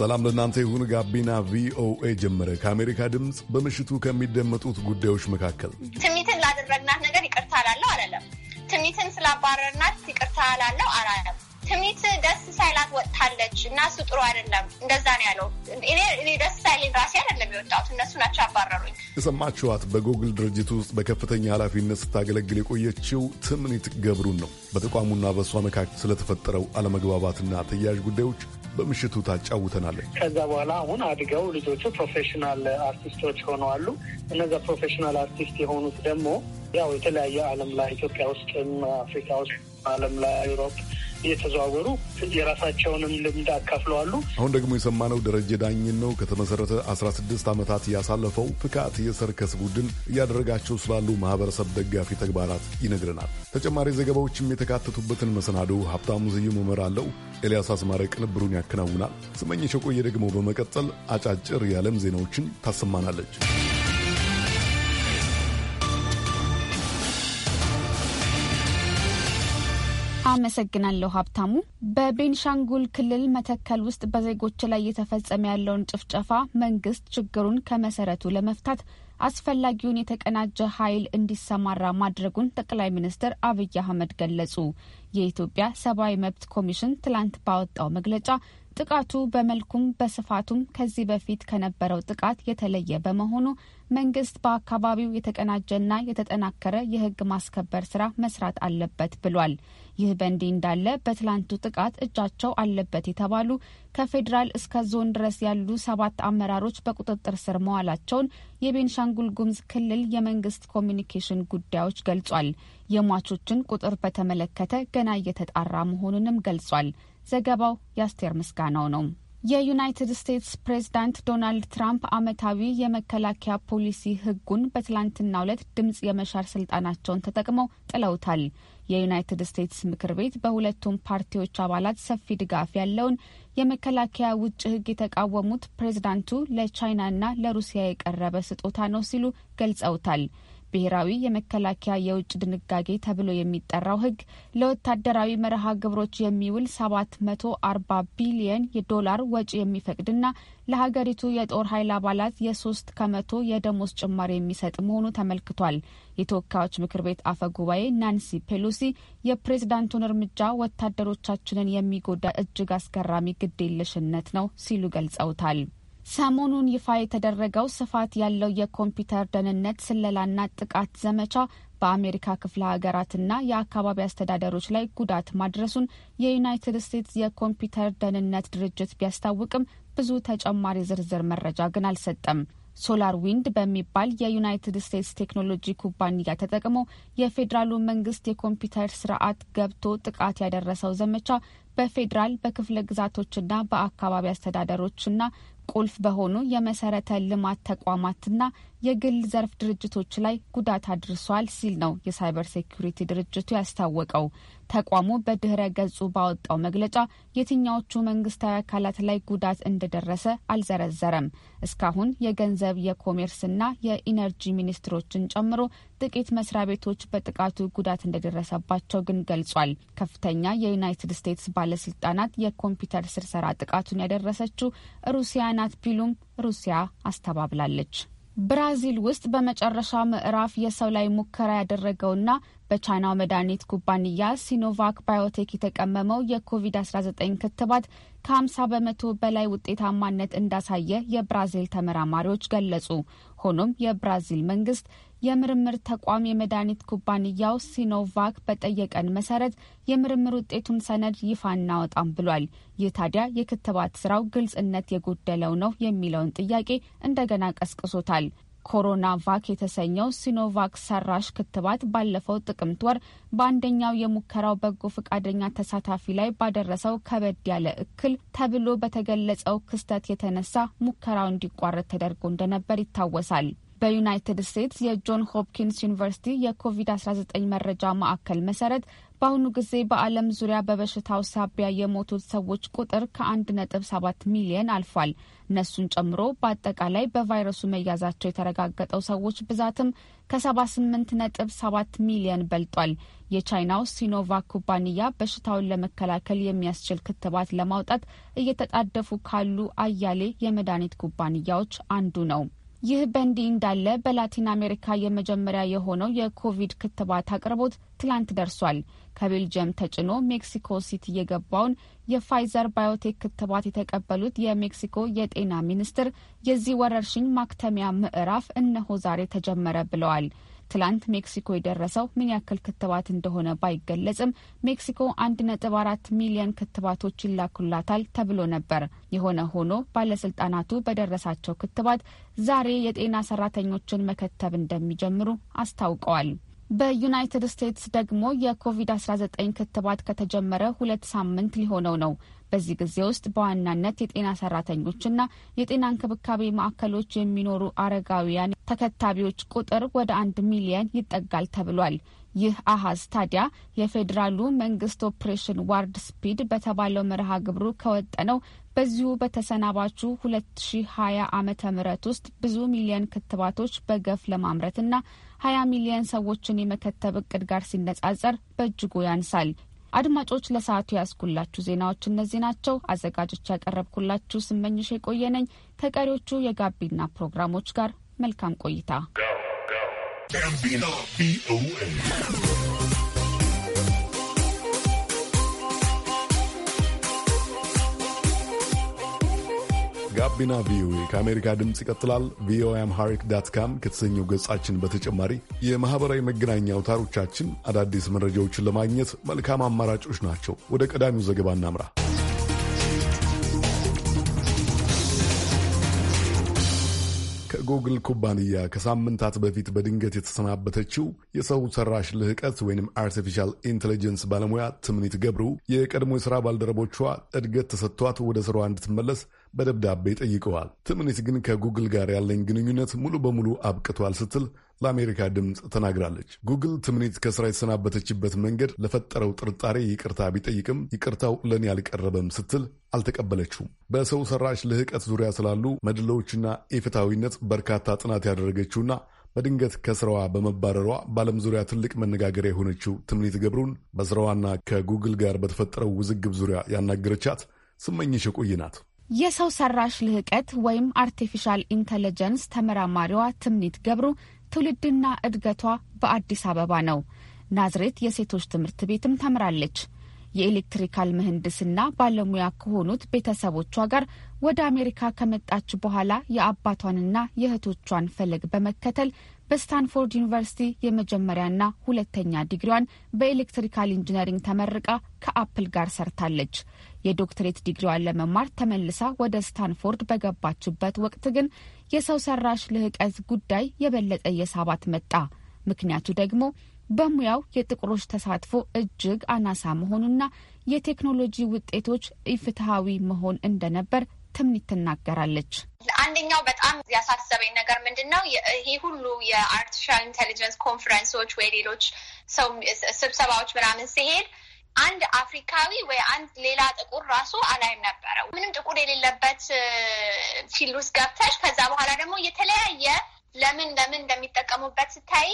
ሰላም ለእናንተ ይሁን። ጋቢና ቪኦኤ ጀመረ። ከአሜሪካ ድምፅ በምሽቱ ከሚደመጡት ጉዳዮች መካከል ትሚትን ላደረግናት ነገር ይቅርታ አላለው አላለም። ትሚትን ስላባረርናት ይቅርታ አላለው አላለም። ትምኒት ደስ ሳይላት ወጥታለች እና እሱ ጥሩ አይደለም፣ እንደዛ ነው ያለው። እኔ ደስ ሳይለኝ ራሴ አይደለም የወጣሁት፣ እነሱ ናቸው አባረሩኝ። የሰማችኋት በጉግል ድርጅት ውስጥ በከፍተኛ ኃላፊነት ስታገለግል የቆየችው ትምኒት ገብሩን ነው። በተቋሙና በእሷ መካከል ስለተፈጠረው አለመግባባትና ተያያዥ ጉዳዮች በምሽቱ ታጫውተናለች። ከዛ በኋላ አሁን አድገው ልጆቹ ፕሮፌሽናል አርቲስቶች ሆነዋሉ። እነዛ ፕሮፌሽናል አርቲስት የሆኑት ደግሞ ያው የተለያየ ዓለም ላይ ኢትዮጵያ ውስጥም፣ አፍሪካ ውስጥ፣ ዓለም ላይ አውሮፓ እየተዘዋወሩ የራሳቸውንም ልምድ አካፍለዋሉ። አሁን ደግሞ የሰማነው ደረጀ ዳኝን ነው። ከተመሰረተ 16 ዓመታት ያሳለፈው ፍካት የሰርከስ ቡድን እያደረጋቸው ስላሉ ማህበረሰብ ደጋፊ ተግባራት ይነግረናል። ተጨማሪ ዘገባዎችም የተካተቱበትን መሰናዶ ሀብታሙ መመር እመራለሁ። ኤልያስ አስማረ ቅንብሩን ያከናውናል። ስመኝሽ የቆየ ደግሞ በመቀጠል አጫጭር የዓለም ዜናዎችን ታሰማናለች። አመሰግናለሁ ሀብታሙ። በቤንሻንጉል ክልል መተከል ውስጥ በዜጎች ላይ እየተፈጸመ ያለውን ጭፍጨፋ መንግስት ችግሩን ከመሰረቱ ለመፍታት አስፈላጊውን የተቀናጀ ኃይል እንዲሰማራ ማድረጉን ጠቅላይ ሚኒስትር አብይ አህመድ ገለጹ። የኢትዮጵያ ሰብአዊ መብት ኮሚሽን ትላንት ባወጣው መግለጫ ጥቃቱ በመልኩም በስፋቱም ከዚህ በፊት ከነበረው ጥቃት የተለየ በመሆኑ መንግስት በአካባቢው የተቀናጀና የተጠናከረ የህግ ማስከበር ስራ መስራት አለበት ብሏል። ይህ በእንዲህ እንዳለ በትላንቱ ጥቃት እጃቸው አለበት የተባሉ ከፌዴራል እስከ ዞን ድረስ ያሉ ሰባት አመራሮች በቁጥጥር ስር መዋላቸውን የቤንሻንጉል ጉምዝ ክልል የመንግስት ኮሚኒኬሽን ጉዳዮች ገልጿል። የሟቾችን ቁጥር በተመለከተ ገና እየተጣራ መሆኑንም ገልጿል። ዘገባው የአስቴር ምስጋናው ነው። የዩናይትድ ስቴትስ ፕሬዝዳንት ዶናልድ ትራምፕ አመታዊ የመከላከያ ፖሊሲ ህጉን በትላንትናው ዕለት ድምጽ የመሻር ስልጣናቸውን ተጠቅመው ጥለውታል። የዩናይትድ ስቴትስ ምክር ቤት በሁለቱም ፓርቲዎች አባላት ሰፊ ድጋፍ ያለውን የመከላከያ ውጭ ህግ የተቃወሙት ፕሬዝዳንቱ ለቻይናና ለሩሲያ የቀረበ ስጦታ ነው ሲሉ ገልጸውታል። ብሔራዊ የመከላከያ የውጭ ድንጋጌ ተብሎ የሚጠራው ሕግ ለወታደራዊ መርሃ ግብሮች የሚውል ሰባት መቶ አርባ ቢሊየን የዶላር ወጪ የሚፈቅድና ለሀገሪቱ የጦር ኃይል አባላት የሶስት ከመቶ የደሞዝ ጭማሪ የሚሰጥ መሆኑ ተመልክቷል። የተወካዮች ምክር ቤት አፈ ጉባኤ ናንሲ ፔሎሲ የፕሬዝዳንቱን እርምጃ ወታደሮቻችንን የሚጎዳ እጅግ አስገራሚ ግዴለሽነት ነው ሲሉ ገልጸውታል። ሰሞኑን ይፋ የተደረገው ስፋት ያለው የኮምፒውተር ደህንነት ስለላና ጥቃት ዘመቻ በአሜሪካ ክፍለ ሀገራትና የአካባቢ አስተዳደሮች ላይ ጉዳት ማድረሱን የዩናይትድ ስቴትስ የኮምፒውተር ደህንነት ድርጅት ቢያስታውቅም ብዙ ተጨማሪ ዝርዝር መረጃ ግን አልሰጠም። ሶላር ዊንድ በሚባል የዩናይትድ ስቴትስ ቴክኖሎጂ ኩባንያ ተጠቅሞ የፌዴራሉ መንግስት የኮምፒውተር ስርዓት ገብቶ ጥቃት ያደረሰው ዘመቻ በፌዴራል በክፍለ ግዛቶችና በአካባቢ አስተዳደሮችና ቁልፍ በሆኑ የመሰረተ ልማት ተቋማትና የግል ዘርፍ ድርጅቶች ላይ ጉዳት አድርሷል ሲል ነው የሳይበር ሴኩሪቲ ድርጅቱ ያስታወቀው። ተቋሙ በድህረ ገጹ ባወጣው መግለጫ የትኛዎቹ መንግስታዊ አካላት ላይ ጉዳት እንደደረሰ አልዘረዘረም። እስካሁን የገንዘብ የኮሜርስና የኢነርጂ ሚኒስትሮችን ጨምሮ ጥቂት መስሪያ ቤቶች በጥቃቱ ጉዳት እንደደረሰባቸው ግን ገልጿል። ከፍተኛ የዩናይትድ ስቴትስ ባለስልጣናት የኮምፒውተር ስርሰራ ጥቃቱን ያደረሰችው ሩሲያ ናት ቢሉም ሩሲያ አስተባብላለች። ብራዚል ውስጥ በመጨረሻ ምዕራፍ የሰው ላይ ሙከራ ያደረገውና በቻይናው መድኃኒት ኩባንያ ሲኖቫክ ባዮቴክ የተቀመመው የኮቪድ-19 ክትባት ከ50 በመቶ በላይ ውጤታማነት እንዳሳየ የብራዚል ተመራማሪዎች ገለጹ። ሆኖም የብራዚል መንግስት የምርምር ተቋም የመድኃኒት ኩባንያው ሲኖቫክ በጠየቀን መሰረት የምርምር ውጤቱን ሰነድ ይፋ እናወጣም ብሏል። ይህ ታዲያ የክትባት ስራው ግልጽነት የጎደለው ነው የሚለውን ጥያቄ እንደገና ቀስቅሶታል። ኮሮና ቫክ የተሰኘው ሲኖቫክ ሰራሽ ክትባት ባለፈው ጥቅምት ወር በአንደኛው የሙከራው በጎ ፈቃደኛ ተሳታፊ ላይ ባደረሰው ከበድ ያለ እክል ተብሎ በተገለጸው ክስተት የተነሳ ሙከራው እንዲቋረጥ ተደርጎ እንደነበር ይታወሳል። በዩናይትድ ስቴትስ የጆን ሆፕኪንስ ዩኒቨርሲቲ የኮቪድ-19 መረጃ ማዕከል መሰረት በአሁኑ ጊዜ በዓለም ዙሪያ በበሽታው ሳቢያ የሞቱት ሰዎች ቁጥር ከ ነጥብ ሚሊየን አልፏል። እነሱን ጨምሮ በአጠቃላይ በቫይረሱ መያዛቸው የተረጋገጠው ሰዎች ብዛትም ከ78 ነጥብ ሚሊየን በልጧል። የቻይናው ሲኖቫክ ኩባንያ በሽታውን ለመከላከል የሚያስችል ክትባት ለማውጣት እየተጣደፉ ካሉ አያሌ የመድኃኒት ኩባንያዎች አንዱ ነው። ይህ በእንዲህ እንዳለ በላቲን አሜሪካ የመጀመሪያ የሆነው የኮቪድ ክትባት አቅርቦት ትላንት ደርሷል። ከቤልጅየም ተጭኖ ሜክሲኮ ሲቲ የገባውን የፋይዘር ባዮቴክ ክትባት የተቀበሉት የሜክሲኮ የጤና ሚኒስትር የዚህ ወረርሽኝ ማክተሚያ ምዕራፍ እነሆ ዛሬ ተጀመረ ብለዋል። ትላንት ሜክሲኮ የደረሰው ምን ያክል ክትባት እንደሆነ ባይገለጽም ሜክሲኮ አንድ ነጥብ አራት ሚሊዮን ክትባቶች ይላኩላታል ተብሎ ነበር። የሆነ ሆኖ ባለስልጣናቱ በደረሳቸው ክትባት ዛሬ የጤና ሰራተኞችን መከተብ እንደሚጀምሩ አስታውቀዋል። በዩናይትድ ስቴትስ ደግሞ የኮቪድ-19 ክትባት ከተጀመረ ሁለት ሳምንት ሊሆነው ነው። በዚህ ጊዜ ውስጥ በዋናነት የጤና ሰራተኞችና የጤና እንክብካቤ ማዕከሎች የሚኖሩ አረጋውያን ተከታቢዎች ቁጥር ወደ አንድ ሚሊየን ይጠጋል ተብሏል። ይህ አሃዝ ታዲያ የፌዴራሉ መንግስት ኦፕሬሽን ዋርድ ስፒድ በተባለው መርሃ ግብሩ ከወጠነው በዚሁ በተሰናባቹ 2020 ዓመተ ምህረት ውስጥ ብዙ ሚሊየን ክትባቶች በገፍ ለማምረትና 20 ሚሊየን ሰዎችን የመከተብ እቅድ ጋር ሲነጻጸር በእጅጉ ያንሳል። አድማጮች ለሰዓቱ ያስኩላችሁ ዜናዎች እነዚህ ናቸው። አዘጋጆች ያቀረብኩላችሁ ስመኝሽ የቆየነኝ ከቀሪዎቹ የጋቢና ፕሮግራሞች ጋር መልካም ቆይታ። ጋቢና ቪኦኤ ከአሜሪካ ድምፅ ይቀጥላል። ቪኦኤ አምሃሪክ ዳት ካም ከተሰኘው ገጻችን በተጨማሪ የማህበራዊ መገናኛ አውታሮቻችን አዳዲስ መረጃዎችን ለማግኘት መልካም አማራጮች ናቸው። ወደ ቀዳሚው ዘገባ እናምራ። የጉግል ኩባንያ ከሳምንታት በፊት በድንገት የተሰናበተችው የሰው ሰራሽ ልህቀት ወይም አርቲፊሻል ኢንቴሊጀንስ ባለሙያ ትምኒት ገብሩ የቀድሞ የሥራ ባልደረቦቿ እድገት ተሰጥቷት ወደ ስራዋ እንድትመለስ በደብዳቤ ጠይቀዋል። ትምኒት ግን ከጉግል ጋር ያለኝ ግንኙነት ሙሉ በሙሉ አብቅቷል ስትል ለአሜሪካ ድምፅ ተናግራለች። ጉግል ትምኒት ከስራ የተሰናበተችበት መንገድ ለፈጠረው ጥርጣሬ ይቅርታ ቢጠይቅም ይቅርታው ለእኔ አልቀረበም ስትል አልተቀበለችውም። በሰው ሰራሽ ልህቀት ዙሪያ ስላሉ መድሎዎችና ኢፍትሐዊነት በርካታ ጥናት ያደረገችውና በድንገት ከስራዋ በመባረሯ በዓለም ዙሪያ ትልቅ መነጋገሪያ የሆነችው ትምኒት ገብሩን በስራዋና ከጉግል ጋር በተፈጠረው ውዝግብ ዙሪያ ያናገረቻት ስመኝሽ የቆየ ናት። የሰው ሰራሽ ልህቀት ወይም አርቲፊሻል ኢንተለጀንስ ተመራማሪዋ ትምኒት ገብሩ ትውልድና እድገቷ በአዲስ አበባ ነው። ናዝሬት የሴቶች ትምህርት ቤትም ተምራለች። የኤሌክትሪካል ምህንድስና ባለሙያ ከሆኑት ቤተሰቦቿ ጋር ወደ አሜሪካ ከመጣች በኋላ የአባቷንና የእህቶቿን ፈለግ በመከተል በስታንፎርድ ዩኒቨርሲቲ የመጀመሪያና ሁለተኛ ዲግሪዋን በኤሌክትሪካል ኢንጂነሪንግ ተመርቃ ከአፕል ጋር ሰርታለች። የዶክትሬት ዲግሪዋን ለመማር ተመልሳ ወደ ስታንፎርድ በገባችበት ወቅት ግን የሰው ሰራሽ ልህቀት ጉዳይ የበለጠ የሳባት መጣ። ምክንያቱ ደግሞ በሙያው የጥቁሮች ተሳትፎ እጅግ አናሳ መሆኑና የቴክኖሎጂ ውጤቶች ኢፍትሐዊ መሆን እንደነበር ትምኒት ትናገራለች። አንደኛው በጣም ያሳሰበኝ ነገር ምንድን ነው? ይሄ ሁሉ የአርቲፊሻል ኢንቴሊጀንስ ኮንፈረንሶች ወይ ሌሎች ሰው ስብሰባዎች ምናምን ሲሄድ አንድ አፍሪካዊ ወይ አንድ ሌላ ጥቁር ራሱ አላይም ነበረ። ምንም ጥቁር የሌለበት ፊልድ ውስጥ ገብተሽ ከዛ በኋላ ደግሞ የተለያየ ለምን ለምን እንደሚጠቀሙበት ስታይ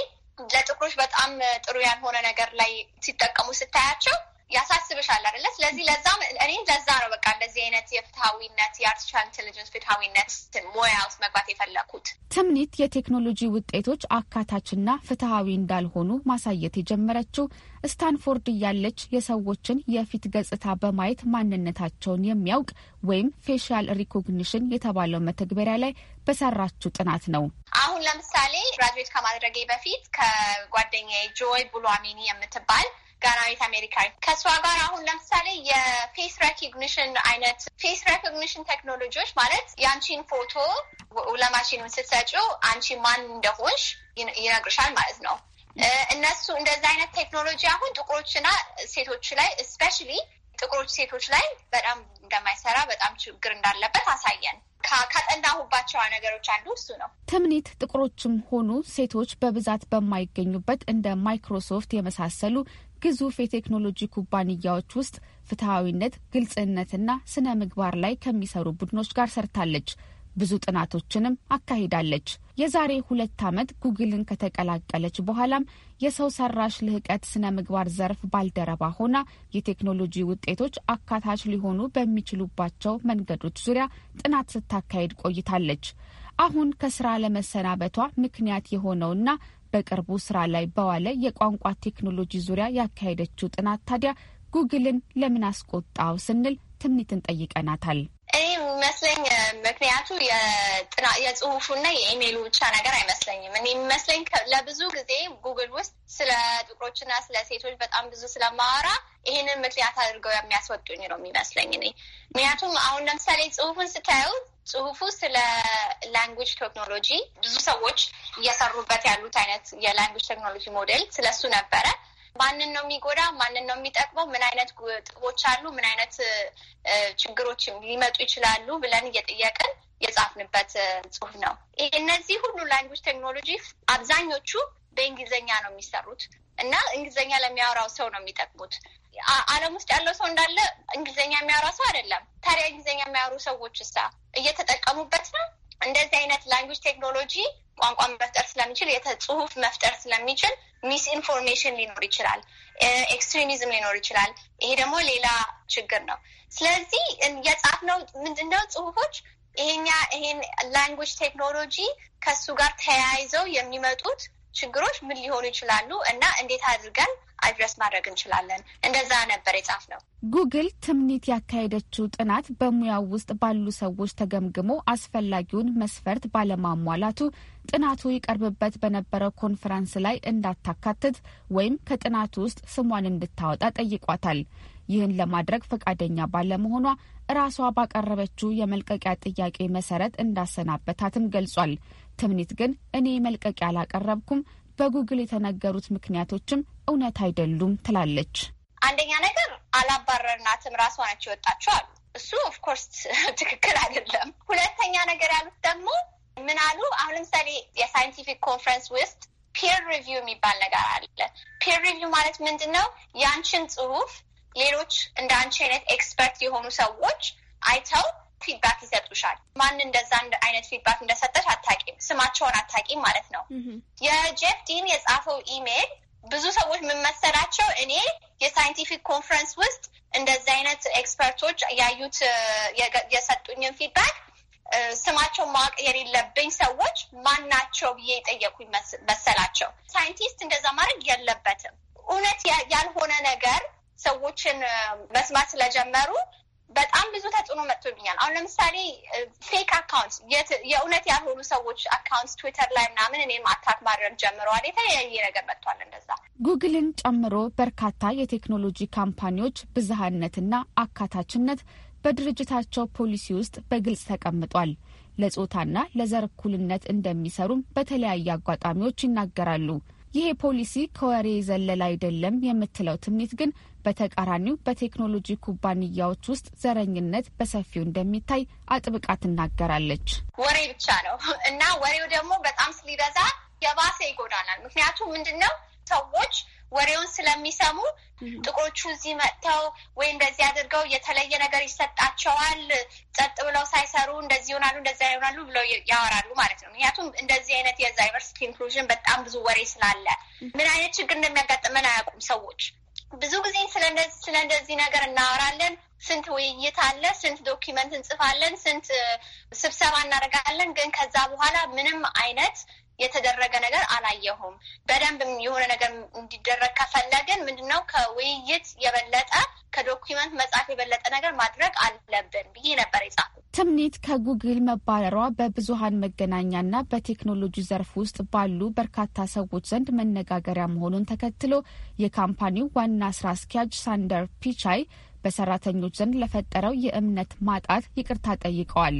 ለጥቁሮች በጣም ጥሩ ያልሆነ ነገር ላይ ሲጠቀሙ ስታያቸው ያሳስብሻል አይደለ? ስለዚህ ለዛ እኔ ለዛ ነው በቃ እንደዚህ አይነት የፍትሐዊነት የአርቲፊሻል ኢንቴሊጀንስ ፍትሐዊነት ሙያ ውስጥ መግባት የፈለኩት። ትምኒት የቴክኖሎጂ ውጤቶች አካታችና ፍትሐዊ እንዳልሆኑ ማሳየት የጀመረችው ስታንፎርድ እያለች የሰዎችን የፊት ገጽታ በማየት ማንነታቸውን የሚያውቅ ወይም ፌሻል ሪኮግኒሽን የተባለው መተግበሪያ ላይ በሰራችው ጥናት ነው። አሁን ለምሳሌ ግራጁዌት ከማድረጌ በፊት ከጓደኛዬ ጆይ አሚኒ የምትባል ጋናዊት አሜሪካዊ ከእሷ ጋር አሁን ለምሳሌ የፌስ ሬኮግኒሽን አይነት ፌስ ሬኮግኒሽን ቴክኖሎጂዎች ማለት የአንቺን ፎቶ ለማሽኑ ስትሰጪው አንቺ ማን እንደሆንሽ ይነግርሻል ማለት ነው። እነሱ እንደዚ አይነት ቴክኖሎጂ አሁን ጥቁሮችና ሴቶች ላይ ስፔሻሊ ጥቁሮች ሴቶች ላይ በጣም እንደማይሰራ በጣም ችግር እንዳለበት አሳየን። ካጠናሁባቸው ነገሮች አንዱ እሱ ነው። ትምኒት ጥቁሮችም ሆኑ ሴቶች በብዛት በማይገኙበት እንደ ማይክሮሶፍት የመሳሰሉ ግዙፍ የቴክኖሎጂ ኩባንያዎች ውስጥ ፍትሐዊነት፣ ግልጽነትና ስነ ምግባር ላይ ከሚሰሩ ቡድኖች ጋር ሰርታለች። ብዙ ጥናቶችንም አካሂዳለች። የዛሬ ሁለት ዓመት ጉግልን ከተቀላቀለች በኋላም የሰው ሰራሽ ልህቀት ስነ ምግባር ዘርፍ ባልደረባ ሆና የቴክኖሎጂ ውጤቶች አካታች ሊሆኑ በሚችሉባቸው መንገዶች ዙሪያ ጥናት ስታካሄድ ቆይታለች። አሁን ከስራ ለመሰናበቷ ምክንያት የሆነውና በቅርቡ ስራ ላይ በዋለ የቋንቋ ቴክኖሎጂ ዙሪያ ያካሄደችው ጥናት ታዲያ ጉግልን ለምን አስቆጣው ስንል ትምኒትን ጠይቀናታል። እኔ የሚመስለኝ ምክንያቱ የጽሁፉና የኢሜይሉ ብቻ ነገር አይመስለኝም። እኔ የሚመስለኝ ለብዙ ጊዜ ጉግል ውስጥ ስለ ጥቁሮችና ስለ ሴቶች በጣም ብዙ ስለማወራ ይህንን ምክንያት አድርገው የሚያስወጡኝ ነው የሚመስለኝ እኔ ምክንያቱም አሁን ለምሳሌ ጽሁፉን ስታዩ ጽሁፉ ስለ ላንጉጅ ቴክኖሎጂ ብዙ ሰዎች እየሰሩበት ያሉት አይነት የላንጉጅ ቴክኖሎጂ ሞዴል ስለሱ ነበረ። ማንን ነው የሚጎዳ፣ ማንን ነው የሚጠቅመው፣ ምን አይነት ጥቦች አሉ፣ ምን አይነት ችግሮች ሊመጡ ይችላሉ ብለን እየጠየቅን የጻፍንበት ጽሁፍ ነው። እነዚህ ሁሉ ላንጉጅ ቴክኖሎጂ አብዛኞቹ በእንግሊዝኛ ነው የሚሰሩት እና እንግሊዝኛ ለሚያወራው ሰው ነው የሚጠቅሙት። ዓለም ውስጥ ያለው ሰው እንዳለ እንግሊዝኛ የሚያወራ ሰው አይደለም። ታዲያ እንግሊዝኛ የሚያወሩ ሰዎች እሳ እየተጠቀሙበት ነው። እንደዚህ አይነት ላንጉጅ ቴክኖሎጂ ቋንቋ መፍጠር ስለሚችል የተጽሁፍ መፍጠር ስለሚችል ሚስ ኢንፎርሜሽን ሊኖር ይችላል፣ ኤክስትሪሚዝም ሊኖር ይችላል። ይሄ ደግሞ ሌላ ችግር ነው። ስለዚህ የጻፍነው ምንድነው ጽሁፎች ይሄኛ ይሄን ላንጉጅ ቴክኖሎጂ ከሱ ጋር ተያይዘው የሚመጡት ችግሮች ምን ሊሆኑ ይችላሉ እና እንዴት አድርገን አድረስ ማድረግ እንችላለን። እንደዛ ነበር የጻፍነው። ጉግል ትምኒት ያካሄደችው ጥናት በሙያው ውስጥ ባሉ ሰዎች ተገምግሞ አስፈላጊውን መስፈርት ባለማሟላቱ ጥናቱ ይቀርብበት በነበረው ኮንፈረንስ ላይ እንዳታካትት ወይም ከጥናቱ ውስጥ ስሟን እንድታወጣ ጠይቋታል። ይህን ለማድረግ ፈቃደኛ ባለመሆኗ ራሷ ባቀረበችው የመልቀቂያ ጥያቄ መሰረት እንዳሰናበታትም ገልጿል። ትምኒት ግን እኔ መልቀቂያ አላቀረብኩም፣ በጉግል የተነገሩት ምክንያቶችም እውነት አይደሉም ትላለች። አንደኛ ነገር አላባረርናትም፣ ራሷ ነች የወጣችው አሉ። እሱ ኦፍኮርስ ትክክል አይደለም። ሁለተኛ ነገር ያሉት ደግሞ ምን አሉ? አሁን ለምሳሌ የሳይንቲፊክ ኮንፈረንስ ውስጥ ፒር ሪቪው የሚባል ነገር አለ። ፒር ሪቪው ማለት ምንድን ነው? የአንቺን ጽሁፍ ሌሎች እንደ አንቺ አይነት ኤክስፐርት የሆኑ ሰዎች አይተው ፊድባክ ይሰጡሻል። ማን እንደዛ አይነት ፊድባክ እንደሰጠሽ አታቂም፣ ስማቸውን አታቂም ማለት ነው። የጄፍ ዲን የጻፈው ኢሜይል ብዙ ሰዎች የምመሰላቸው እኔ የሳይንቲፊክ ኮንፈረንስ ውስጥ እንደዚህ አይነት ኤክስፐርቶች ያዩት የሰጡኝን ፊድባክ ስማቸው ማወቅ የሌለብኝ ሰዎች ማን ናቸው ብዬ የጠየኩኝ መሰላቸው። ሳይንቲስት እንደዛ ማድረግ የለበትም። እውነት ያልሆነ ነገር ሰዎችን መስማት ስለጀመሩ በጣም ብዙ ተጽዕኖ መጥቶብኛል። አሁን ለምሳሌ ፌክ አካውንት፣ የእውነት ያልሆኑ ሰዎች አካውንት ትዊተር ላይ ምናምን እኔም አታክ ማድረግ ጀምረዋል። የተለያየ ነገር መጥቷል። እንደዛ ጉግልን ጨምሮ በርካታ የቴክኖሎጂ ካምፓኒዎች ብዝሃነትና አካታችነት በድርጅታቸው ፖሊሲ ውስጥ በግልጽ ተቀምጧል። ለጾታና ለዘር እኩልነት እንደሚሰሩም በተለያየ አጋጣሚዎች ይናገራሉ። ይሄ ፖሊሲ ከወሬ ዘለል አይደለም የምትለው ትምኒት ግን በተቃራኒው በቴክኖሎጂ ኩባንያዎች ውስጥ ዘረኝነት በሰፊው እንደሚታይ አጥብቃ ትናገራለች። ወሬ ብቻ ነው እና ወሬው ደግሞ በጣም ስሊበዛ የባሰ ይጎዳናል። ምክንያቱም ምንድን ነው ሰዎች ወሬውን ስለሚሰሙ ጥቁሮቹ እዚህ መጥተው ወይ እንደዚህ አድርገው የተለየ ነገር ይሰጣቸዋል፣ ጸጥ ብለው ሳይሰሩ እንደዚህ ይሆናሉ፣ እንደዚያ ይሆናሉ ብለው ያወራሉ ማለት ነው። ምክንያቱም እንደዚህ አይነት የዳይቨርሲቲ ኢንክሉዥን በጣም ብዙ ወሬ ስላለ ምን አይነት ችግር እንደሚያጋጥመን አያውቁም ሰዎች። ብዙ ጊዜ ስለ እንደዚህ ነገር እናወራለን። ስንት ውይይት አለ፣ ስንት ዶኪመንት እንጽፋለን፣ ስንት ስብሰባ እናደርጋለን። ግን ከዛ በኋላ ምንም አይነት የተደረገ ነገር አላየሁም። በደንብ የሆነ ነገር እንዲደረግ ከፈለግን ምንድነው ከውይይት የበለጠ ከዶኪመንት መጽሐፍ የበለጠ ነገር ማድረግ አለብን ብዬ ነበር የጻፉ። ትምኒት ከጉግል መባረሯ በብዙሀን መገናኛና በቴክኖሎጂ ዘርፍ ውስጥ ባሉ በርካታ ሰዎች ዘንድ መነጋገሪያ መሆኑን ተከትሎ የካምፓኒው ዋና ስራ አስኪያጅ ሳንደር ፒቻይ በሰራተኞች ዘንድ ለፈጠረው የእምነት ማጣት ይቅርታ ጠይቀዋል።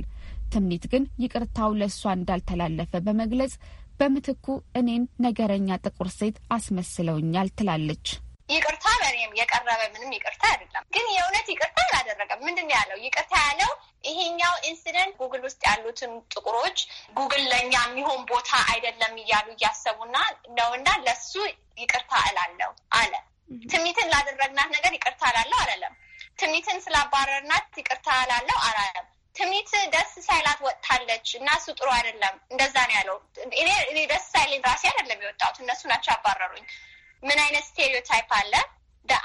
ትምኒት ግን ይቅርታው ለእሷ እንዳልተላለፈ በመግለጽ በምትኩ እኔን ነገረኛ ጥቁር ሴት አስመስለውኛል ትላለች። ይቅርታ በእኔም የቀረበ ምንም ይቅርታ አይደለም፣ ግን የእውነት ይቅርታ አላደረገም። ምንድን ነው ያለው? ይቅርታ ያለው ይሄኛው ኢንሲደንት ጉግል ውስጥ ያሉትን ጥቁሮች ጉግል ለእኛ የሚሆን ቦታ አይደለም እያሉ እያሰቡና እና ለሱ ይቅርታ እላለው አለ። ትሚትን ላደረግናት ነገር ይቅርታ እላለሁ አላለም። ትሚትን ስላባረርናት ይቅርታ እላለሁ አላለም። ትምኒት ደስ ሳይላት ወጥታለች እና እሱ ጥሩ አይደለም፣ እንደዛ ነው ያለው። እኔ ደስ ሳይለኝ ራሴ አይደለም የወጣሁት፣ እነሱ ናቸው አባረሩኝ። ምን አይነት ስቴሪዮታይፕ አለ?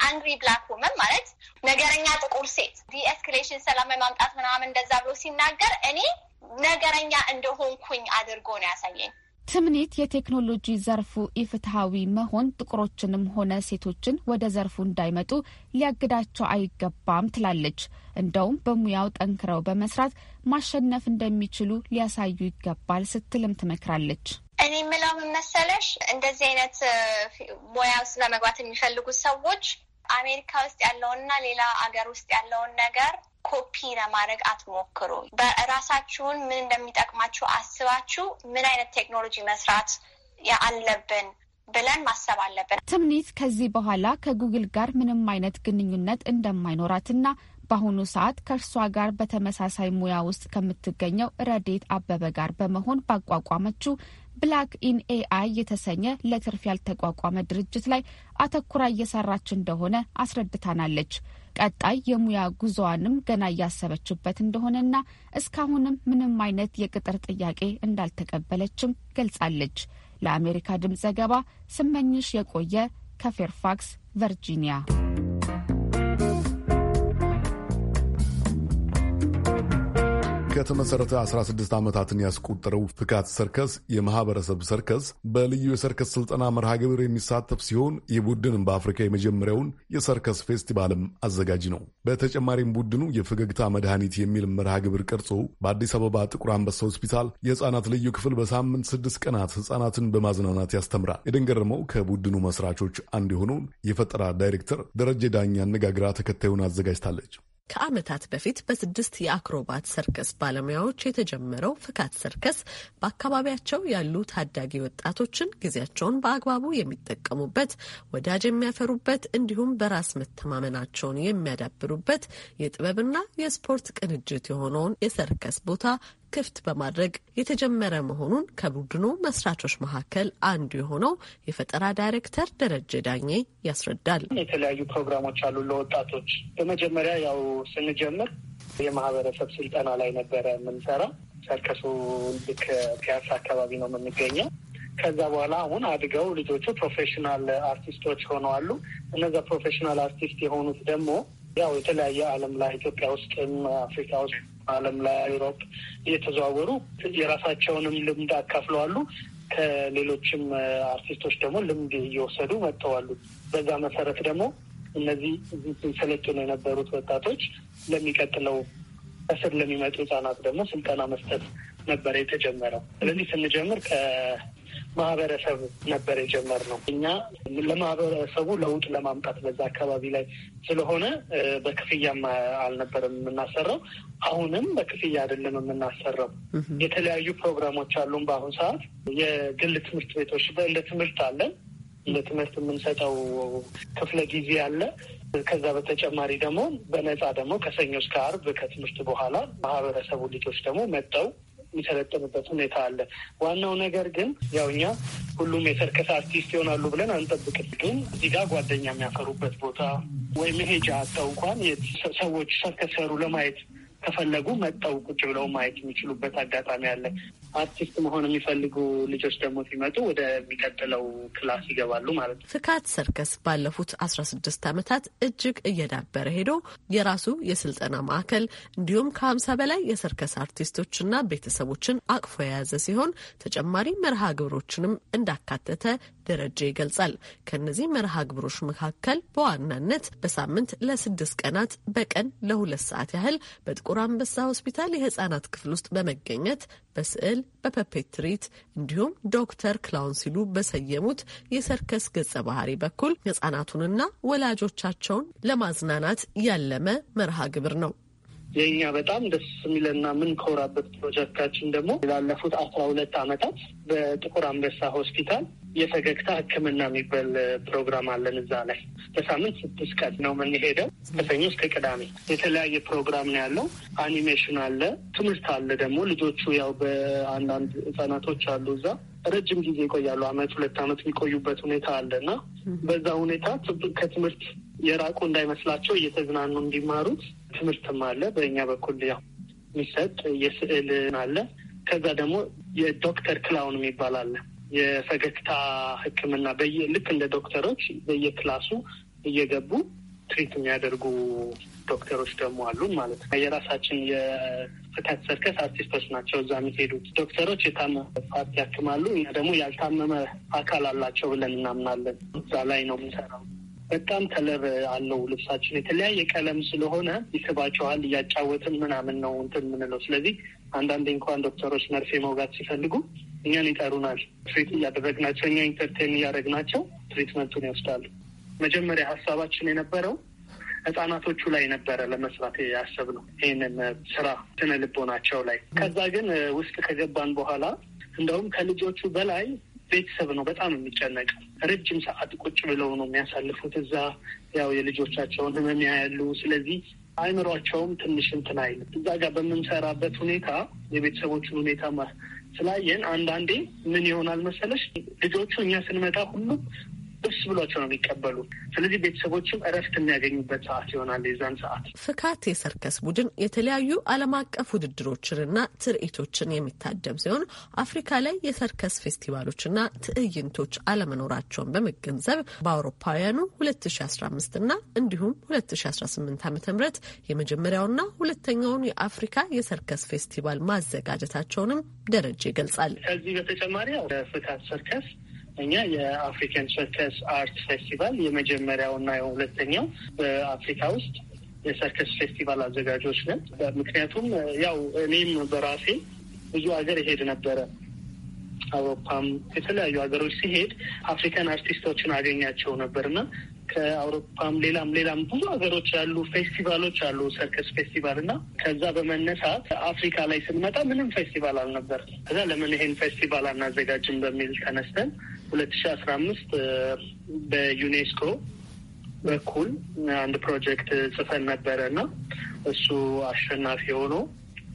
አንግሪ ብላክ ውመን ማለት ነገረኛ ጥቁር ሴት ዲኤስክሌሽን ሰላም ማምጣት ምናምን እንደዛ ብሎ ሲናገር እኔ ነገረኛ እንደሆንኩኝ አድርጎ ነው ያሳየኝ። ትምኒት የቴክኖሎጂ ዘርፉ ኢፍትሐዊ መሆን ጥቁሮችንም ሆነ ሴቶችን ወደ ዘርፉ እንዳይመጡ ሊያግዳቸው አይገባም ትላለች። እንደውም በሙያው ጠንክረው በመስራት ማሸነፍ እንደሚችሉ ሊያሳዩ ይገባል ስትልም ትመክራለች። እኔ የምለው ምን መሰለሽ፣ እንደዚህ አይነት ሙያ ውስጥ ለመግባት የሚፈልጉ ሰዎች አሜሪካ ውስጥ ያለውንና ሌላ አገር ውስጥ ያለውን ነገር ኮፒ ለማድረግ አትሞክሩ። በራሳችሁን ምን እንደሚጠቅማችሁ አስባችሁ ምን አይነት ቴክኖሎጂ መስራት አለብን ብለን ማሰብ አለብን። ትምኒት ከዚህ በኋላ ከጉግል ጋር ምንም አይነት ግንኙነት እንደማይኖራትና በአሁኑ ሰዓት ከእርሷ ጋር በተመሳሳይ ሙያ ውስጥ ከምትገኘው ረዴት አበበ ጋር በመሆን ባቋቋመችው ብላክ ኢን ኤአይ የተሰኘ ለትርፍ ያልተቋቋመ ድርጅት ላይ አተኩራ እየሰራች እንደሆነ አስረድታናለች። ቀጣይ የሙያ ጉዞዋንም ገና እያሰበችበት እንደሆነና እስካሁንም ምንም አይነት የቅጥር ጥያቄ እንዳልተቀበለችም ገልጻለች። ለአሜሪካ ድምፅ ዘገባ ስመኝሽ የቆየ ከፌርፋክስ ቨርጂኒያ። ከተመሠረተ 16 ዓመታትን ያስቆጠረው ፍካት ሰርከስ የማህበረሰብ ሰርከስ በልዩ የሰርከስ ሥልጠና መርሃ ግብር የሚሳተፍ ሲሆን ይህ በአፍሪካ የመጀመሪያውን የሰርከስ ፌስቲቫልም አዘጋጅ ነው። በተጨማሪም ቡድኑ የፈገግታ መድኃኒት የሚል መርሃ ግብር ቀርጾ በአዲስ አበባ ጥቁር አንበሳ ሆስፒታል የህፃናት ልዩ ክፍል በሳምንት ስድስት ቀናት ህፃናትን በማዝናናት ያስተምራል። የደንገረመው ከቡድኑ መስራቾች አንዱ የሆነውን የፈጠራ ዳይሬክተር ደረጀ ዳኛ አነጋግራ ተከታዩን አዘጋጅታለች። ከዓመታት በፊት በስድስት የአክሮባት ሰርከስ ባለሙያዎች የተጀመረው ፍካት ሰርከስ በአካባቢያቸው ያሉ ታዳጊ ወጣቶችን ጊዜያቸውን በአግባቡ የሚጠቀሙበት፣ ወዳጅ የሚያፈሩበት፣ እንዲሁም በራስ መተማመናቸውን የሚያዳብሩበት የጥበብና የስፖርት ቅንጅት የሆነውን የሰርከስ ቦታ ክፍት በማድረግ የተጀመረ መሆኑን ከቡድኑ መስራቾች መካከል አንዱ የሆነው የፈጠራ ዳይሬክተር ደረጀ ዳኜ ያስረዳል። የተለያዩ ፕሮግራሞች አሉ ለወጣቶች። በመጀመሪያ ያው ስንጀምር የማህበረሰብ ስልጠና ላይ ነበረ የምንሰራ። ሰርከሱ ልክ ፒያሳ አካባቢ ነው የምንገኘው። ከዛ በኋላ አሁን አድገው ልጆቹ ፕሮፌሽናል አርቲስቶች ሆነዋሉ። እነዛ ፕሮፌሽናል አርቲስት የሆኑት ደግሞ ያው የተለያየ ዓለም ላይ ኢትዮጵያ ውስጥም አፍሪካ ውስጥ ዓለም ላይ አውሮፕ እየተዘዋወሩ የራሳቸውንም ልምድ አካፍለዋሉ። ከሌሎችም አርቲስቶች ደግሞ ልምድ እየወሰዱ መጥተዋሉ። በዛ መሰረት ደግሞ እነዚህ ሰለጥነው የነበሩት ወጣቶች ለሚቀጥለው ከስር ለሚመጡ ህጻናት ደግሞ ስልጠና መስጠት ነበረ የተጀመረው። ስለዚህ ስንጀምር ማህበረሰብ ነበር የጀመርነው እኛ ለማህበረሰቡ ለውጥ ለማምጣት በዛ አካባቢ ላይ ስለሆነ በክፍያም አልነበረም የምናሰራው። አሁንም በክፍያ አይደለም የምናሰራው። የተለያዩ ፕሮግራሞች አሉን። በአሁኑ ሰዓት የግል ትምህርት ቤቶች እንደ ትምህርት አለን። እንደ ትምህርት የምንሰጠው ክፍለ ጊዜ አለ። ከዛ በተጨማሪ ደግሞ በነፃ ደግሞ ከሰኞ እስከ አርብ ከትምህርት በኋላ ማህበረሰቡ ልጆች ደግሞ መጠው የሚሰለጥንበት ሁኔታ አለ። ዋናው ነገር ግን ያው እኛ ሁሉም የሰርከስ አርቲስት ይሆናሉ ብለን አንጠብቅም። ግን እዚህ ጋር ጓደኛ የሚያፈሩበት ቦታ ወይ መሄጃ አጣው እንኳን ሰዎች ሰርከስ ሰሩ ለማየት ከፈለጉ መጠው ቁጭ ብለው ማየት የሚችሉበት አጋጣሚ አለ። አርቲስት መሆን የሚፈልጉ ልጆች ደግሞ ሲመጡ ወደሚቀጥለው ክላስ ይገባሉ ማለት ነው። ፍካት ሰርከስ ባለፉት አስራ ስድስት ዓመታት እጅግ እየዳበረ ሄዶ የራሱ የስልጠና ማዕከል እንዲሁም ከሀምሳ በላይ የሰርከስ አርቲስቶችና ቤተሰቦችን አቅፎ የያዘ ሲሆን ተጨማሪ መርሃ ግብሮችንም እንዳካተተ ደረጀ ይገልጻል። ከነዚህ መርሃ ግብሮች መካከል በዋናነት በሳምንት ለስድስት ቀናት በቀን ለሁለት ሰዓት ያህል በጥቁር አንበሳ ሆስፒታል የህጻናት ክፍል ውስጥ በመገኘት በስዕል በፐፔትሪት እንዲሁም ዶክተር ክላውን ሲሉ በሰየሙት የሰርከስ ገጸ ባህሪ በኩል ህጻናቱንና ወላጆቻቸውን ለማዝናናት ያለመ መርሃ ግብር ነው። የእኛ በጣም ደስ የሚለና ከወራበት ፕሮጀክታችን ደግሞ ላለፉት አስራ ሁለት አመታት በጥቁር አንበሳ ሆስፒታል የፈገግታ ሕክምና የሚባል ፕሮግራም አለን። እዛ ላይ በሳምንት ስድስት ቀን ነው የምንሄደው ከሰኞ እስከ ቅዳሜ። የተለያየ ፕሮግራም ነው ያለው። አኒሜሽን አለ፣ ትምህርት አለ። ደግሞ ልጆቹ ያው በአንዳንድ ህጻናቶች አሉ እዛ ረጅም ጊዜ ይቆያሉ። አመት ሁለት አመት የሚቆዩበት ሁኔታ አለና በዛ ሁኔታ ከትምህርት የራቁ እንዳይመስላቸው እየተዝናኑ እንዲማሩት ትምህርትም አለ። በእኛ በኩል ያው የሚሰጥ የስዕል አለ። ከዛ ደግሞ የዶክተር ክላውን የሚባል አለ የፈገግታ ሕክምና በየ ልክ እንደ ዶክተሮች በየክላሱ እየገቡ ትሪት የሚያደርጉ ዶክተሮች ደግሞ አሉ ማለት ነው። የራሳችን የፍካት ሰርከስ አርቲስቶች ናቸው እዛ የሚሄዱት ዶክተሮች የታመመ ፓርት ያክማሉ። እኛ ደግሞ ያልታመመ አካል አላቸው ብለን እናምናለን። እዛ ላይ ነው የምንሰራው። በጣም ከለር አለው ልብሳችን የተለያየ ቀለም ስለሆነ ይስባቸዋል። እያጫወትን ምናምን ነው እንትን የምንለው። ስለዚህ አንዳንዴ እንኳን ዶክተሮች መርፌ መውጋት ሲፈልጉ እኛን ይጠሩናል። ትሪት እያደረግናቸው እኛ ኢንተርቴን እያደረግናቸው ትሪትመንቱን ይወስዳሉ። መጀመሪያ ሀሳባችን የነበረው ህጻናቶቹ ላይ ነበረ ለመስራት ያሰብነው ይህንን ስራ ስነ ልቦናቸው ላይ። ከዛ ግን ውስጥ ከገባን በኋላ እንደውም ከልጆቹ በላይ ቤተሰብ ነው በጣም የሚጨነቅ። ረጅም ሰዓት ቁጭ ብለው ነው የሚያሳልፉት እዛ ያው የልጆቻቸውን ህመም ያያሉ። ስለዚህ አይምሯቸውም ትንሽ እንትን አይልም። እዛ ጋር በምንሰራበት ሁኔታ የቤተሰቦቹን ሁኔታ ስላየን አንዳንዴ ምን ይሆናል መሰለሽ ልጆቹ እኛ ስንመጣ ሁሉም ደስ ብሏቸው ነው የሚቀበሉ። ስለዚህ ቤተሰቦችም እረፍት የሚያገኙበት ሰዓት ይሆናል የዛን ሰዓት። ፍካት የሰርከስ ቡድን የተለያዩ ዓለም አቀፍ ውድድሮችንና ትርኢቶችን የሚታደም ሲሆን አፍሪካ ላይ የሰርከስ ፌስቲቫሎችና ትዕይንቶች አለመኖራቸውን በመገንዘብ በአውሮፓውያኑ 2015 ና እንዲሁም 2018 ዓ ም የመጀመሪያውና ሁለተኛውን የአፍሪካ የሰርከስ ፌስቲቫል ማዘጋጀታቸውንም ደረጀ ይገልጻል። ከዚህ በተጨማሪ ያው ፍካት ሰርከስ እኛ የአፍሪካን ሰርከስ አርት ፌስቲቫል የመጀመሪያው እና የሁለተኛው በአፍሪካ ውስጥ የሰርከስ ፌስቲቫል አዘጋጆች ነን። ምክንያቱም ያው እኔም በራሴ ብዙ ሀገር ይሄድ ነበረ። አውሮፓም የተለያዩ ሀገሮች ሲሄድ አፍሪካን አርቲስቶችን አገኛቸው ነበር እና ከአውሮፓም ሌላም ሌላም ብዙ ሀገሮች ያሉ ፌስቲቫሎች አሉ ሰርከስ ፌስቲቫል እና ከዛ በመነሳት አፍሪካ ላይ ስንመጣ ምንም ፌስቲቫል አልነበር። ከዛ ለምን ይሄን ፌስቲቫል አናዘጋጅም በሚል ተነስተን ሁለት ሺ አስራ አምስት በዩኔስኮ በኩል አንድ ፕሮጀክት ጽፈን ነበረ እና እሱ አሸናፊ ሆኖ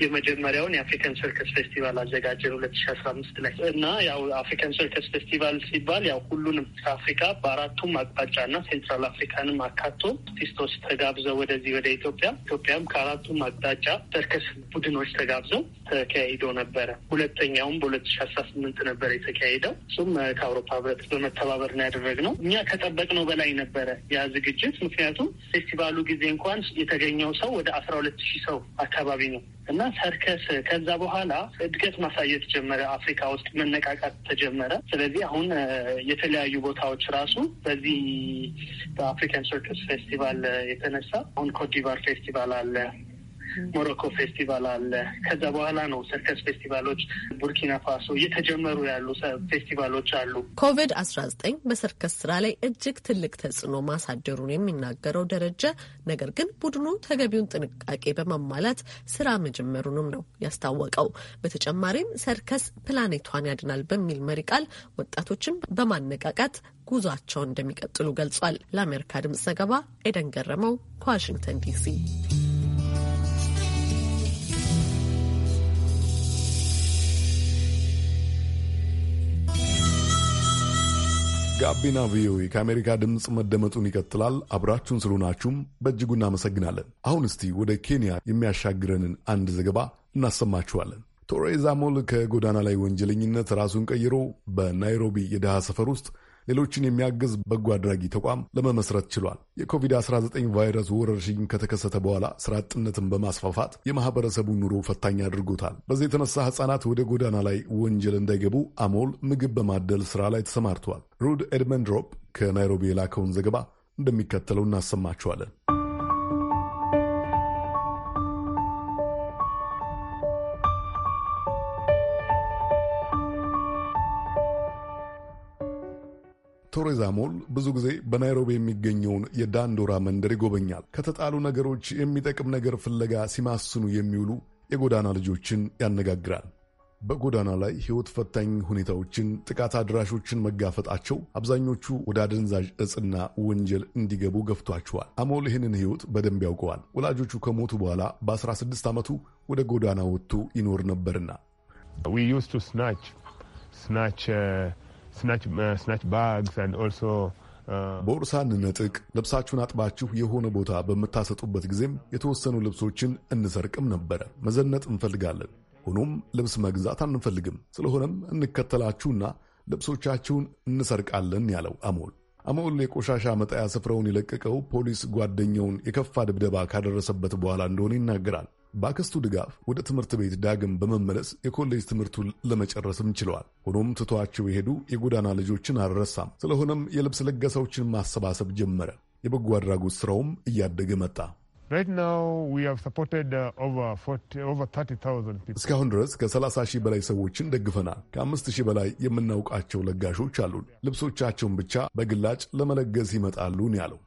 የመጀመሪያውን የአፍሪካን ሰርከስ ፌስቲቫል አዘጋጀ ሁለት ሺ አስራ አምስት ላይ እና ያው አፍሪካን ሰርከስ ፌስቲቫል ሲባል ያው ሁሉንም ከአፍሪካ በአራቱም አቅጣጫና ሴንትራል አፍሪካንም አካቶ አርቲስቶች ተጋብዘው ወደዚህ ወደ ኢትዮጵያ ኢትዮጵያም ከአራቱም አቅጣጫ ሰርከስ ቡድኖች ተጋብዘው ተካሂዶ ነበረ። ሁለተኛውም በሁለት ሺ አስራ ስምንት ነበረ የተካሄደው። እሱም ከአውሮፓ ህብረት በመተባበር ነው ያደረግነው። እኛ ከጠበቅነው በላይ ነበረ ያ ዝግጅት። ምክንያቱም ፌስቲቫሉ ጊዜ እንኳን የተገኘው ሰው ወደ አስራ ሁለት ሺህ ሰው አካባቢ ነው እና ሰርከስ ከዛ በኋላ እድገት ማሳየት ጀመረ። አፍሪካ ውስጥ መነቃቃት ተጀመረ። ስለዚህ አሁን የተለያዩ ቦታዎች ራሱ በዚህ በአፍሪካን ሰርከስ ፌስቲቫል የተነሳ አሁን ኮትዲቫር ፌስቲቫል አለ ሞሮኮ ፌስቲቫል አለ። ከዛ በኋላ ነው ሰርከስ ፌስቲቫሎች ቡርኪና ፋሶ እየተጀመሩ ያሉ ፌስቲቫሎች አሉ። ኮቪድ አስራ ዘጠኝ በሰርከስ ስራ ላይ እጅግ ትልቅ ተጽዕኖ ማሳደሩን የሚናገረው ደረጀ፣ ነገር ግን ቡድኑ ተገቢውን ጥንቃቄ በማሟላት ስራ መጀመሩንም ነው ያስታወቀው። በተጨማሪም ሰርከስ ፕላኔቷን ያድናል በሚል መሪ ቃል ወጣቶችን በማነቃቃት ጉዟቸውን እንደሚቀጥሉ ገልጿል። ለአሜሪካ ድምፅ ዘገባ ኤደን ገረመው ከዋሽንግተን ዲሲ ጋቢና ቪኦኤ ከአሜሪካ ድምፅ መደመጡን ይቀጥላል። አብራችሁን ስለሆናችሁም በእጅጉ እናመሰግናለን። አሁን እስቲ ወደ ኬንያ የሚያሻግረንን አንድ ዘገባ እናሰማችኋለን። ቶሬዛ ሞል ከጎዳና ላይ ወንጀለኝነት ራሱን ቀይሮ በናይሮቢ የድሃ ሰፈር ውስጥ ሌሎችን የሚያግዝ በጎ አድራጊ ተቋም ለመመስረት ችሏል። የኮቪድ-19 ቫይረስ ወረርሽኝ ከተከሰተ በኋላ ስራ አጥነትን በማስፋፋት የማህበረሰቡን ኑሮ ፈታኝ አድርጎታል። በዚህ የተነሳ ህጻናት ወደ ጎዳና ላይ ወንጀል እንዳይገቡ አሞል ምግብ በማደል ስራ ላይ ተሰማርተዋል። ሩድ ኤድመንድሮፕ ከናይሮቢ የላከውን ዘገባ እንደሚከተለው እናሰማችኋለን። ቴሬዛ ሞል ብዙ ጊዜ በናይሮቢ የሚገኘውን የዳንዶራ መንደር ይጎበኛል። ከተጣሉ ነገሮች የሚጠቅም ነገር ፍለጋ ሲማስኑ የሚውሉ የጎዳና ልጆችን ያነጋግራል። በጎዳና ላይ ሕይወት ፈታኝ ሁኔታዎችን፣ ጥቃት አድራሾችን መጋፈጣቸው አብዛኞቹ ወደ አደንዛዥ እጽና ወንጀል እንዲገቡ ገፍቷቸዋል። አሞል ይህንን ሕይወት በደንብ ያውቀዋል። ወላጆቹ ከሞቱ በኋላ በ16 ዓመቱ ወደ ጎዳና ወጥቶ ይኖር ነበርና ቦርሳን uh, uh, ነጥቅ፣ ልብሳችሁን አጥባችሁ የሆነ ቦታ በምታሰጡበት ጊዜም የተወሰኑ ልብሶችን እንሰርቅም ነበረ። መዘነጥ እንፈልጋለን። ሆኖም ልብስ መግዛት አንፈልግም። ስለሆነም እንከተላችሁና ልብሶቻችሁን እንሰርቃለን ያለው አሞል። አሞል የቆሻሻ መጣያ ስፍራውን የለቀቀው ፖሊስ ጓደኛውን የከፋ ድብደባ ካደረሰበት በኋላ እንደሆነ ይናገራል። በአክስቱ ድጋፍ ወደ ትምህርት ቤት ዳግም በመመለስ የኮሌጅ ትምህርቱን ለመጨረስም ችለዋል። ሆኖም ትቷቸው የሄዱ የጎዳና ልጆችን አልረሳም። ስለሆነም የልብስ ለገሳዎችን ማሰባሰብ ጀመረ። የበጎ አድራጎት ስራውም እያደገ መጣ። uh, እስካሁን ድረስ ከ30 ሺህ በላይ ሰዎችን ደግፈናል። ከአምስት ሺህ በላይ የምናውቃቸው ለጋሾች አሉን። ልብሶቻቸውን ብቻ በግላጭ ለመለገስ ይመጣሉን ያለው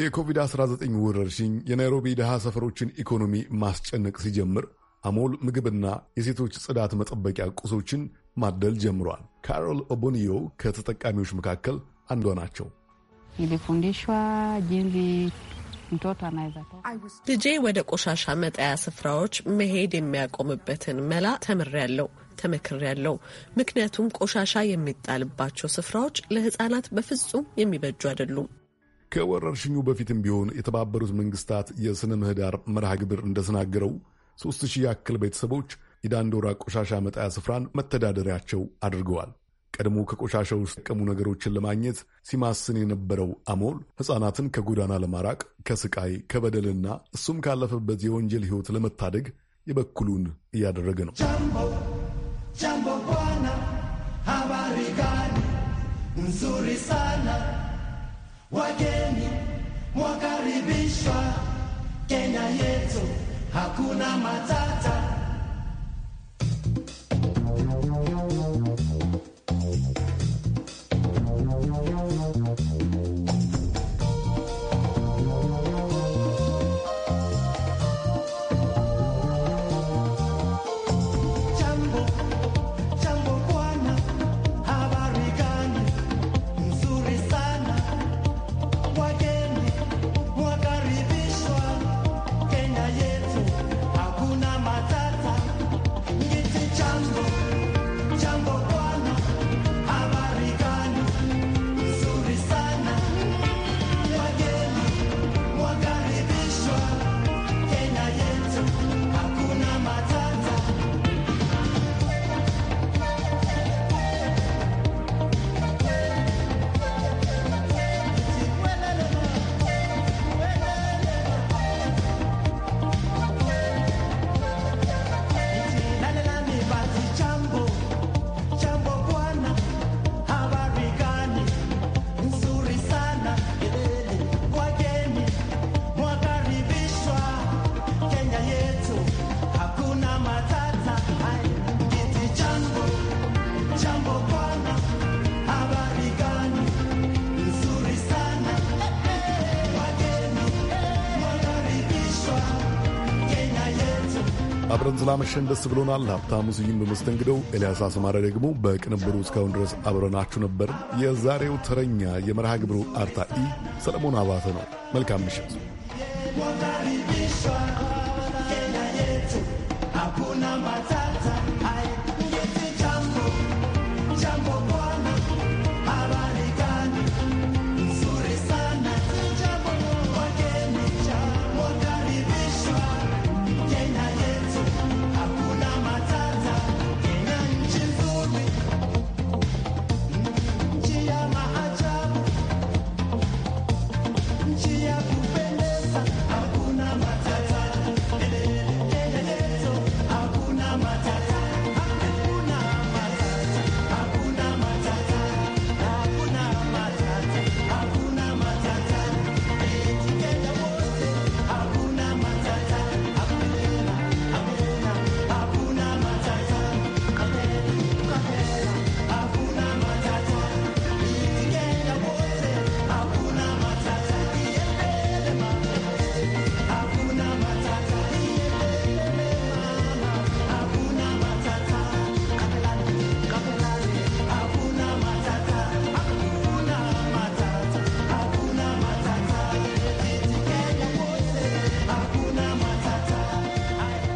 የኮቪድ-19 ወረርሽኝ የናይሮቢ ድሃ ሰፈሮችን ኢኮኖሚ ማስጨነቅ ሲጀምር አሞል ምግብና የሴቶች ጽዳት መጠበቂያ ቁሶችን ማደል ጀምሯል። ካሮል ኦቦኒዮ ከተጠቃሚዎች መካከል አንዷ ናቸው። ልጄ ወደ ቆሻሻ መጣያ ስፍራዎች መሄድ የሚያቆምበትን መላ ተምሬያለሁ ያለው ምክንያቱም ቆሻሻ የሚጣልባቸው ስፍራዎች ለህፃናት በፍጹም የሚበጁ አይደሉም። ከወረርሽኙ በፊትም ቢሆን የተባበሩት መንግስታት የሥነ ምህዳር መርሃ ግብር እንደተናገረው ሦስት ሺህ ያክል ቤተሰቦች የዳንዶራ ቆሻሻ መጣያ ስፍራን መተዳደሪያቸው አድርገዋል። ቀድሞ ከቆሻሻ ውስጥ ቀሙ ነገሮችን ለማግኘት ሲማስን የነበረው አሞል ሕፃናትን ከጎዳና ለማራቅ ከስቃይ ከበደልና እሱም ካለፈበት የወንጀል ሕይወት ለመታደግ የበኩሉን እያደረገ ነው። Wageni mwakaribishwa, Kenya yetu hakuna matata. ስላመሸን ደስ ብሎናል። ሀብታሙ ስዩም በመስተንግደው፣ ኤልያስ አስማረ ደግሞ በቅንብሩ እስካሁን ድረስ አብረናችሁ ነበር። የዛሬው ተረኛ የመርሃ ግብሩ አርታኢ ሰለሞን አባተ ነው። መልካም ምሽት። Hakuna matata